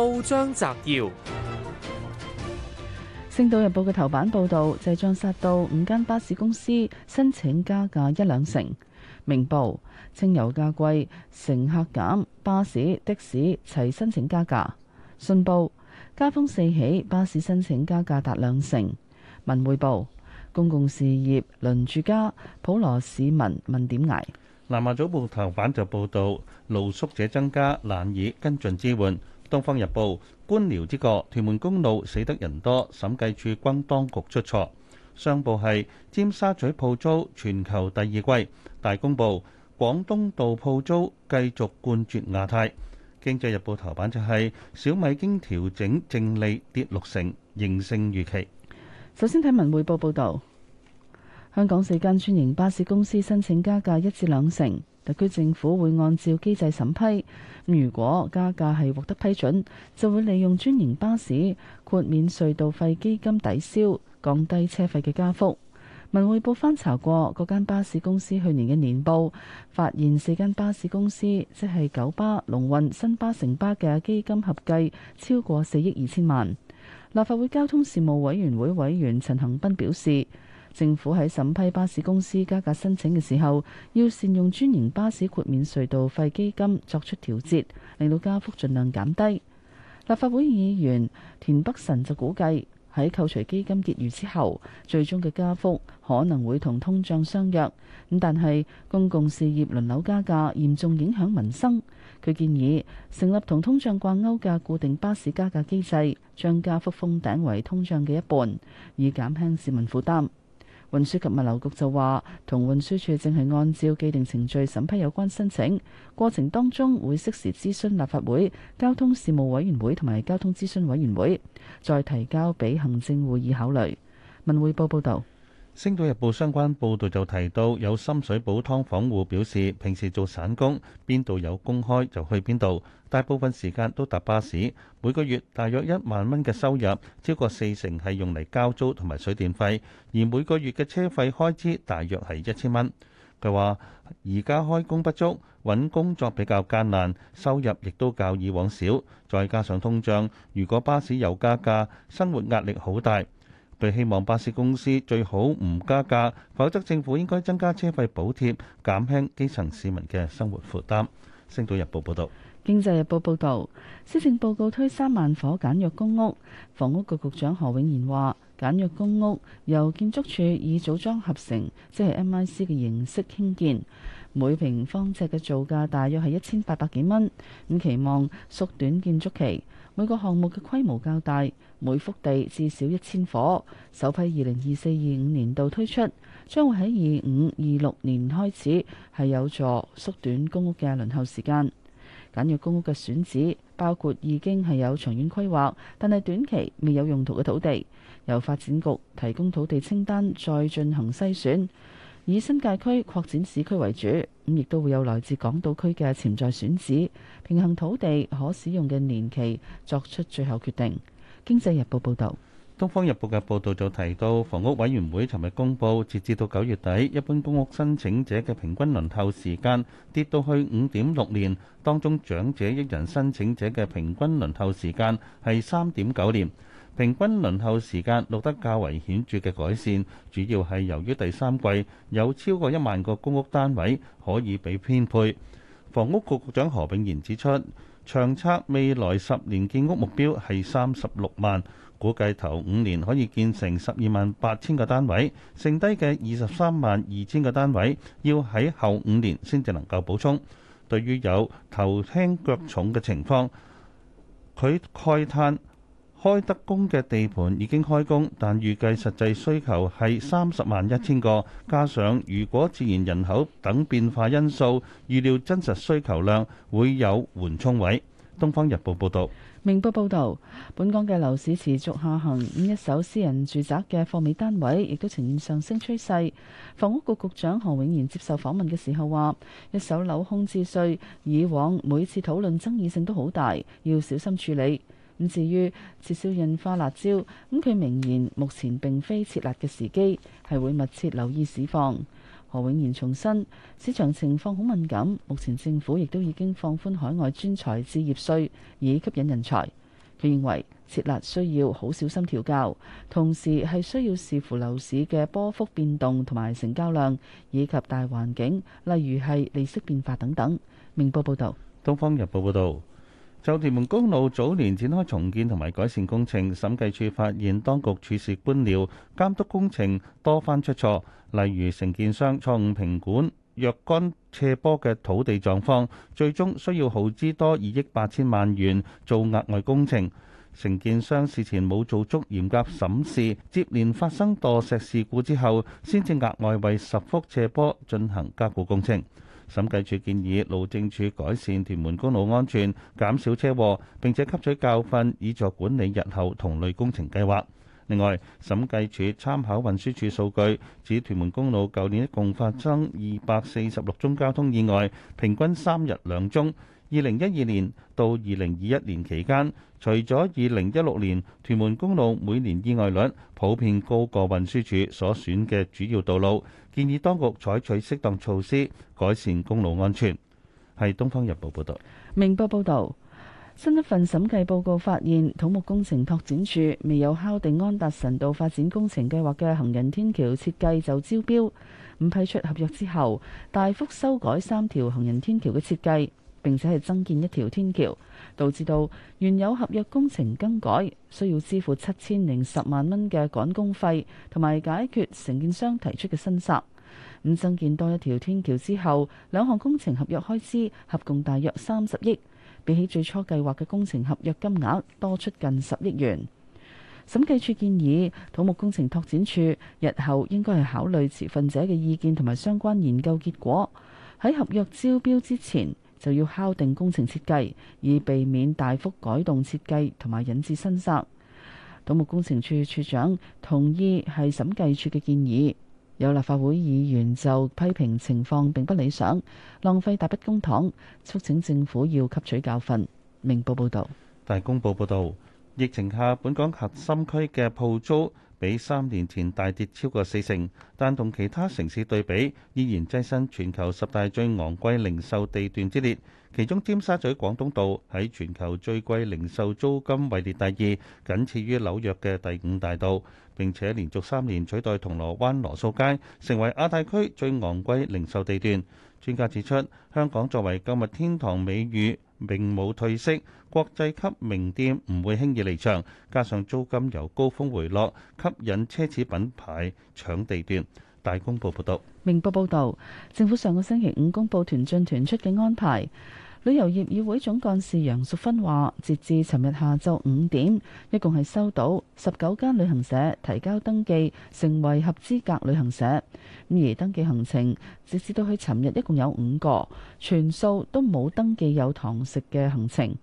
報章摘要，《星島日報》嘅頭版報道，就將殺到五間巴士公司申請加價一兩成。明報稱油價貴，乘客減，巴士、的士齊申請加價。信報加風四起，巴士申請加價達兩成。文匯報公共事業輪住加，普羅市民問點挨？南華早報頭版就報道，露宿者增加，難以跟進支援。《東方日報》官僚之過，屯門公路死得人多，審計處轟當局出錯。商報係尖沙咀鋪租全球第二貴。大公報廣東道鋪租繼續冠絕亞太。《經濟日報》頭版就係小米經調整淨利跌六成，仍勝預期。首先睇文匯報報道：香港四間專營巴士公司申請加價一至兩成。特區政府會按照機制審批，如果加價係獲得批准，就會利用專營巴士豁免隧道費基金抵消，降低車費嘅加幅。文匯報翻查過各間巴士公司去年嘅年報，發現四間巴士公司，即係九巴、龍運、新巴、城巴嘅基金合計超過四億二千萬。立法會交通事務委員會委員陳恒斌表示。政府喺審批巴士公司加價申請嘅時候，要善用專營巴士豁免隧道費基金作出調節，令到加幅盡量減低。立法會議員田北辰就估計喺扣除基金結餘之後，最終嘅加幅可能會同通脹相約咁，但係公共事業輪流加價嚴重影響民生。佢建議成立同通脹掛鈎嘅固定巴士加價機制，將加幅封頂為通脹嘅一半，以減輕市民負擔。運輸及物流局就話，同運輸處正係按照既定程序審批有關申請，過程當中會適時諮詢立法會交通事務委員會同埋交通諮詢委員會，再提交俾行政會議考慮。文匯報報道。《星島日報》相關報導就提到，有深水埗劏房戶表示，平時做散工，邊度有工開就去邊度，大部分時間都搭巴士，每個月大約一萬蚊嘅收入，超過四成係用嚟交租同埋水電費，而每個月嘅車費開支大約係一千蚊。佢話：而家開工不足，揾工作比較艱難，收入亦都較以往少，再加上通脹，如果巴士有加價，生活壓力好大。對，希望巴士公司最好唔加價，否則政府應該增加車費補貼，減輕基層市民嘅生活負擔。星島日報報道，經濟日報報道，施政報告推三萬伙簡約公屋，房屋局局長何永賢話：簡約公屋由建築處以組裝合成，即係 M I C 嘅形式興建，每平方尺嘅造價大約係一千八百幾蚊，咁期望縮短建築期。每個項目嘅規模較大，每幅地至少一千伙。首批二零二四二五年度推出，將會喺二五二六年開始，係有助縮短公屋嘅輪候時間。簡約公屋嘅選址包括已經係有長遠規劃，但係短期未有用途嘅土地，由發展局提供土地清單，再進行篩選。以新界區擴展市區為主，咁亦都會有來自港島區嘅潛在選址，平衡土地可使用嘅年期，作出最後決定。經濟日報報導，東方日報嘅報導就提到，房屋委員會尋日公布，截至到九月底，一般公屋申請者嘅平均輪候時間跌到去五點六年，當中長者一人申請者嘅平均輪候時間係三點九年。平均輪候時間錄得較為顯著嘅改善，主要係由於第三季有超過一萬個公屋單位可以俾編配。房屋局局長何永賢指出，長策未來十年建屋目標係三十六萬，估計頭五年可以建成十二萬八千個單位，剩低嘅二十三萬二千個單位要喺後五年先至能夠補充。對於有頭輕腳重嘅情況，佢慨嘆。開得工嘅地盤已經開工，但預計實際需求係三十萬一千個，加上如果自然人口等變化因素，預料真實需求量會有緩衝位。《東方日報》報導，《明報》報導，本港嘅樓市持續下行，一手私人住宅嘅貨尾單位亦都呈現上升趨勢。房屋局局長何永賢接受訪問嘅時候話：一手樓空置稅以往每次討論爭議性都好大，要小心處理。咁至於撤銷印花辣招，咁佢明言目前並非撤辣嘅時機，係會密切留意市況。何永賢重申市場情況好敏感，目前政府亦都已經放寬海外專才置業稅，以吸引人才。佢認為撤辣需要好小心調校，同時係需要視乎樓市嘅波幅變動同埋成交量，以及大環境，例如係利息變化等等。明報報導，《東方日報》報導。就屯門公路早年展開重建同埋改善工程，審計處發現當局處事官僚，監督工程多番出錯，例如承建商錯誤評管、若干斜坡嘅土地狀況，最終需要耗資多二億八千萬元做額外工程。承建商事前冇做足嚴格審視，接連發生墮石事故之後，先至額外為十幅斜坡進行加固工程。審計署建議路政署改善屯門公路安全，減少車禍，並且吸取教訓，以助管理日後同類工程計劃。另外，審計署參考運輸署數據，指屯門公路舊年一共發生二百四十六宗交通意外，平均三日兩宗。二零一二年到二零二一年期間，除咗二零一六年，屯門公路每年意外率普遍高過運輸署所選嘅主要道路，建議當局採取適當措施改善公路安全。係《東方日報》報道。《明報》報道，新一份審計報告發現，土木工程拓展署，未有敲定安達臣道發展工程計劃嘅行人天橋設計就招標，唔批出合約之後，大幅修改三條行人天橋嘅設計。並且係增建一條天橋，導致到原有合約工程更改，需要支付七千零十萬蚊嘅趕工費，同埋解決承建商提出嘅申索。咁增建多一條天橋之後，兩項工程合約開支合共大約三十億，比起最初計劃嘅工程合約金額多出近十億元。審計署建議土木工程拓展署日後應該係考慮持份者嘅意見同埋相關研究結果喺合約招標之前。就要敲定工程設計，以避免大幅改動設計同埋引致新殺。土木工程署署長同意係審計處嘅建議。有立法會議員就批評情況並不理想，浪費大筆公帑，促請政府要吸取教訓。明報報導，大公報報導，疫情下本港核心區嘅鋪租。比三年前大跌超過四成，但同其他城市對比，依然躋身全球十大最昂貴零售地段之列。其中，尖沙咀廣東道喺全球最貴零售租金位列第二，僅次於紐約嘅第五大道。並且連續三年取代銅鑼灣羅素街，成為亞太區最昂貴零售地段。專家指出，香港作為購物天堂美，美譽。明冇退色，國際級名店唔會輕易離場，加上租金由高峰回落，吸引奢侈品牌搶地段。大公報報道：「明報報道，政府上個星期五公布團進團出嘅安排。旅遊業議會總幹事楊淑芬話，截至尋日下晝五點，一共係收到十九間旅行社提交登記，成為合資格旅行社。而登記行程，截至到去尋日，一共有五個，全數都冇登記有堂食嘅行程。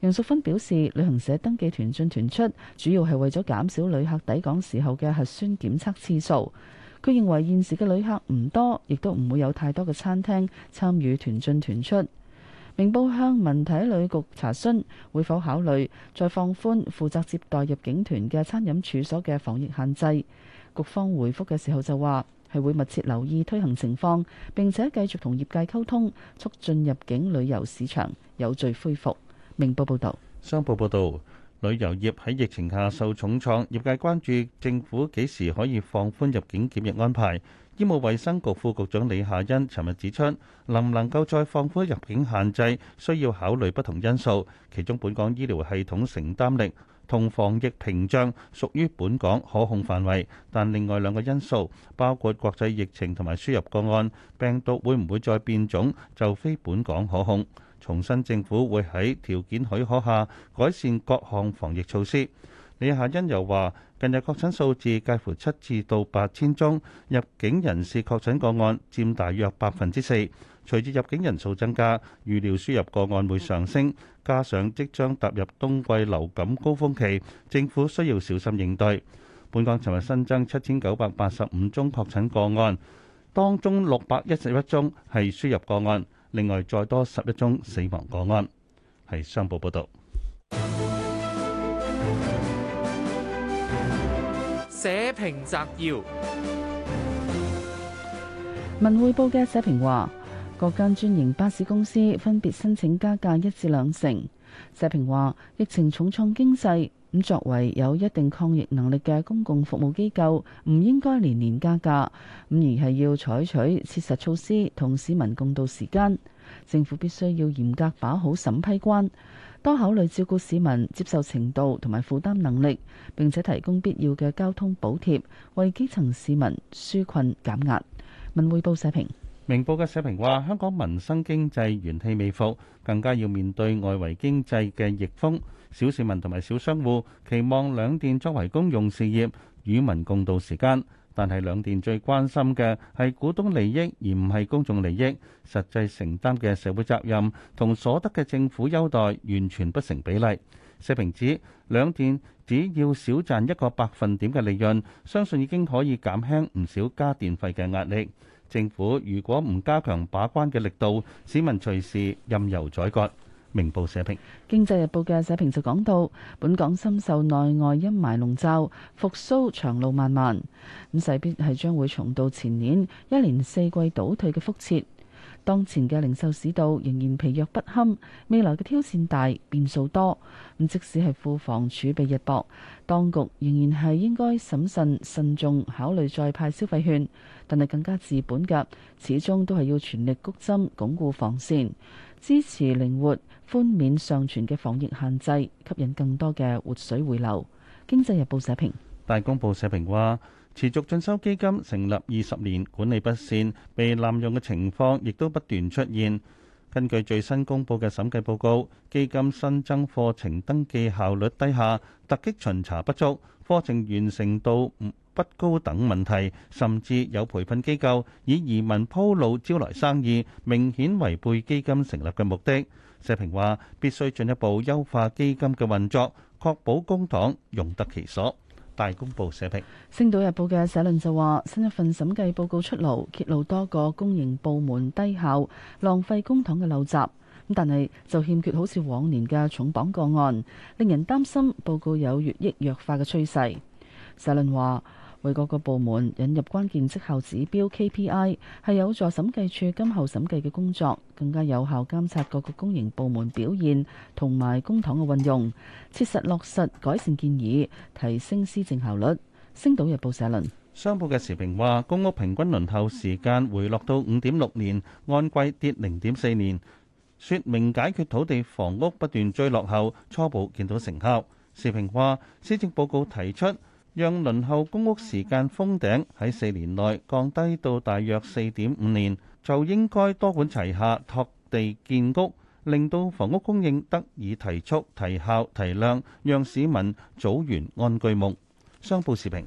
楊淑芬表示，旅行社登記團進團出，主要係為咗減少旅客抵港時候嘅核酸檢測次數。佢認為現時嘅旅客唔多，亦都唔會有太多嘅餐廳參與團進團出。明報向文體旅局查詢，會否考慮再放寬負責接待入境團嘅餐飲處所嘅防疫限制？局方回覆嘅時候就話，係會密切留意推行情況，並且繼續同業界溝通，促進入境旅遊市場有序恢復。明報報導，商報報導，旅遊業喺疫情下受重創，業界關注政府幾時可以放寬入境檢疫安排。醫務衛生局副局長李夏恩尋日指出，能唔能夠再放寬入境限制，需要考慮不同因素。其中，本港醫療系統承擔力同防疫屏障屬於本港可控範圍，但另外兩個因素包括國際疫情同埋輸入個案，病毒會唔會再變種，就非本港可控。重申政府會喺條件許可下改善各項防疫措施。李夏恩又話。近日確診數字介乎七千到八千宗，入境人士確診個案佔大約百分之四。隨住入境人數增加，預料輸入個案會上升，加上即將踏入冬季流感高峰期，政府需要小心應對。本港尋日新增七千九百八十五宗確診個案，當中六百一十一宗係輸入個案，另外再多十一宗死亡個案。喺商報報道。社評摘要：文匯報嘅社評話，各間專營巴士公司分別申請加價一至兩成。社評話，疫情重創經濟，咁作為有一定抗疫能力嘅公共服務機構，唔應該年年加價，咁而係要採取切實措施，同市民共渡時艱。政府必須要嚴格把好審批關，多考慮照顧市民接受程度同埋負擔能力，並且提供必要嘅交通補貼，為基層市民紓困減壓。文匯報社評。明報嘅社評話：香港民生經濟元氣未復，更加要面對外圍經濟嘅逆風。小市民同埋小商戶期望兩電作為公用事業，與民共度時間。但係兩電最關心嘅係股東利益，而唔係公眾利益，實際承擔嘅社會責任同所得嘅政府優待完全不成比例。社評指兩電只要少賺一個百分點嘅利潤，相信已經可以減輕唔少加電費嘅壓力。政府如果唔加強把關嘅力度，市民隨時任由宰割。明報社評。經濟日報嘅社評就講到，本港深受內外陰霾籠罩，復甦長路漫漫，咁勢必係將會重蹈前年一連四季倒退嘅覆轍。當前嘅零售市道仍然疲弱不堪，未來嘅挑戰大，變數多。咁即使係庫房儲備日薄，當局仍然係應該審慎慎重考慮再派消費券，但係更加治本㗎，始終都係要全力谷針，鞏固防線，支持靈活寬免上傳嘅防疫限制，吸引更多嘅活水回流。經濟日報社評，大公報社評話。持續進修基金成立二十年，管理不善、被濫用嘅情況亦都不斷出現。根據最新公布嘅審計報告，基金新增課程登記效率低下、突擊巡查不足、課程完成度不高等問題，甚至有培訓機構以移民鋪路招來生意，明顯違背基金成立嘅目的。社評話必須進一步優化基金嘅運作，確保公帑用得其所。大公報社評，《星島日報》嘅社論就話，新一份審計報告出爐揭露，多個公營部門低效、浪費公帑嘅陋習，咁但係就欠缺好似往年嘅重磅個案，令人擔心報告有越益弱化嘅趨勢。社論話。為各個部門引入關鍵績效指標 KPI，係有助審計署今後審計嘅工作更加有效監察各個公營部門表現同埋公帑嘅運用，切實落實改善建議，提升施政效率。星島日報社論，商報嘅時評話，公屋平均輪候時間回落到五點六年，按季跌零點四年，說明解決土地房屋不斷追落後，初步見到成效。時評話，施政報告提出。讓輪候公屋時間封頂喺四年內降低到大約四點五年，就應該多管齊下，拓地建屋，令到房屋供應得以提速、提效、提量，讓市民早圓安居夢。商報時評。